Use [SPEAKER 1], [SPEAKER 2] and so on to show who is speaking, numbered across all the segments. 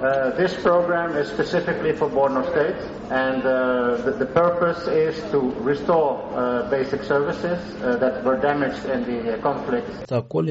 [SPEAKER 1] Uh, this program is specifically for Borno State, and uh, the, the, purpose is to restore uh, basic services uh, that were damaged in the uh, conflict.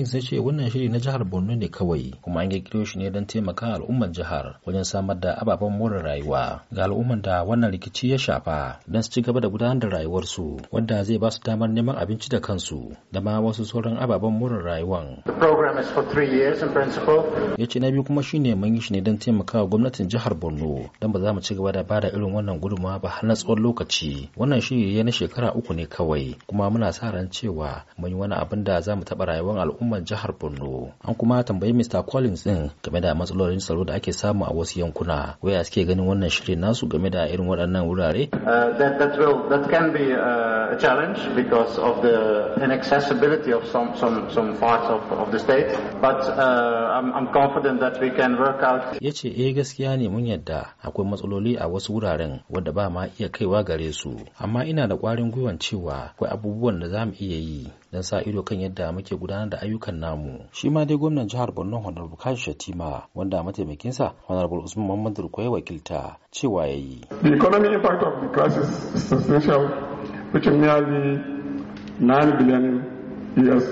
[SPEAKER 1] sai ce wannan shiri na jihar Borno ne kawai, kuma an shi ne don taimaka jihar wajen samar da ababen more rayuwa ga da wannan rikici ya shafa don su ci gaba da gudanar da rayuwarsu, wanda zai ba su damar neman abinci da kansu da ma wasu sauran ababen more rayuwan.
[SPEAKER 2] The program is for three years in principle.
[SPEAKER 1] Ya ce na biyu kuma shine mun yi shi ne don taimaka taimakawa gwamnatin jihar Borno don ba za mu ci gaba da bada irin wannan gudunmawa ba har na tsawon lokaci. Wannan shiri ya na shekara uku ne kawai kuma muna sa ran cewa mun yi wani abin da za mu taɓa rayuwar al'ummar jihar Borno. An kuma tambayi Mr. Collins din game da matsalolin tsaro da ake samu a wasu yankuna. Waya suke ganin wannan shirin nasu game da irin waɗannan wurare? Uh, that, that can be, uh... a challenge because of the inaccessibility of some, some, some parts of, of the state, but uh, I'm, I'm confident that we can work out. Ya eh gaskiya ne mun yadda akwai matsaloli a wasu wuraren wadda ba ma iya kaiwa gare su, amma ina da kwarin gwiwan cewa akwai abubuwan da za mu iya yi don sa ido kan yadda muke gudanar da ayyukan namu. Shi ma dai gwamnan jihar Borno Honorable Kashi Shatima wanda mataimakinsa Honorable Usman Muhammadu Rukwai wakilta cewa ya yi. The economic impact of the crisis is
[SPEAKER 2] substantial which are
[SPEAKER 1] nearly 9 billion US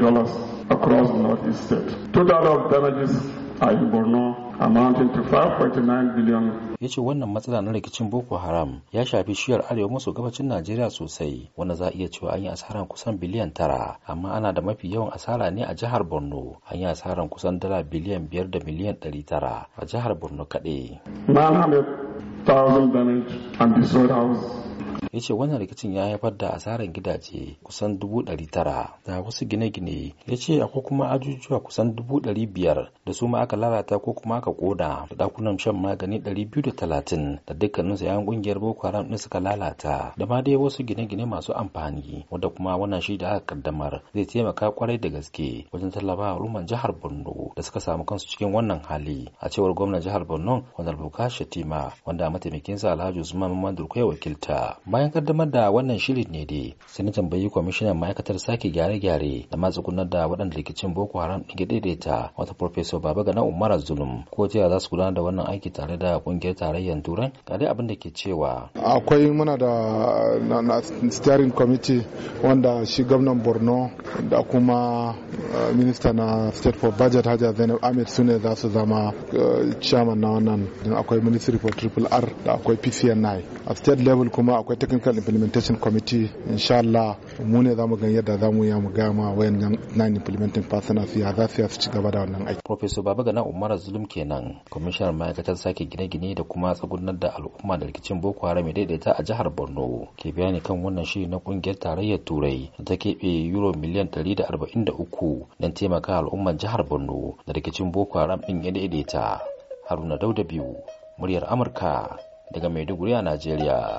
[SPEAKER 2] dollars across the northeast state. Total of damages
[SPEAKER 1] are in Borno amounting to 5.9 billion ya ce wannan matsala na rikicin boko haram ya shafi shiyar arewa maso gabacin najeriya sosai wanda za a iya cewa an yi asaran kusan biliyan tara amma ana da mafi yawan asara ne a jihar borno an yi asaran kusan dala biliyan biyar da miliyan ɗari tara a jihar borno kaɗai.
[SPEAKER 3] 900,000 damage and destroyed house
[SPEAKER 1] ya ce wannan rikicin ya haifar da asarar gidaje kusan dubu ɗari tara da wasu gine-gine ya ce akwai kuma ajujuwa kusan dubu ɗari biyar da su ma aka lalata ko kuma aka koda da ɗakunan shan magani ɗari biyu da talatin da dukkanin sayan 'yan ƙungiyar boko haram ɗin suka lalata da ma dai wasu gine-gine masu amfani wanda kuma wannan shi da aka kaddamar zai taimaka kwarai da gaske wajen tallafa ruman jihar borno da suka samu kansu cikin wannan hali a cewar gwamnan jihar borno wanda bukashi tima wanda sa alhaji usman mamman durko wakilta bayan bayan kaddamar da wannan shirin ne dai sai na tambayi kwamishinan ma'aikatar sake gyare-gyare da gudanar da waɗanda rikicin boko haram ɗin daidaita wata farfesa baba gana umar zulum ko ta za su gudanar da wannan aiki tare da ƙungiyar tarayyar turai ga dai abin da ke cewa
[SPEAKER 2] akwai muna da steering committee wanda shi gwamnan borno da kuma eh, minista na state for budget haja zainab ahmed su ne za su zama eh, chairman na wannan akwai ministry for triple r da akwai pcni a state level kuma akwai technical implementation committee insha Allah mu ne za mu gan yadda za mu ya mu gaya ma wayannan nan implementing partners ya za su ci gaba da wannan
[SPEAKER 1] aiki professor babagana umar zulum kenan kwamishinar ma'aikatar sake gine-gine da kuma tsagunar da al'umma da rikicin boko haram daidaita a jihar borno ke bayani kan wannan shiri na kungiyar tarayyar turai da ta keɓe euro miliyan 143 don taimaka al'ummar jihar borno da rikicin boko haram ɗin ya daidaita haruna dauda biyu muryar amurka daga maiduguri a najeriya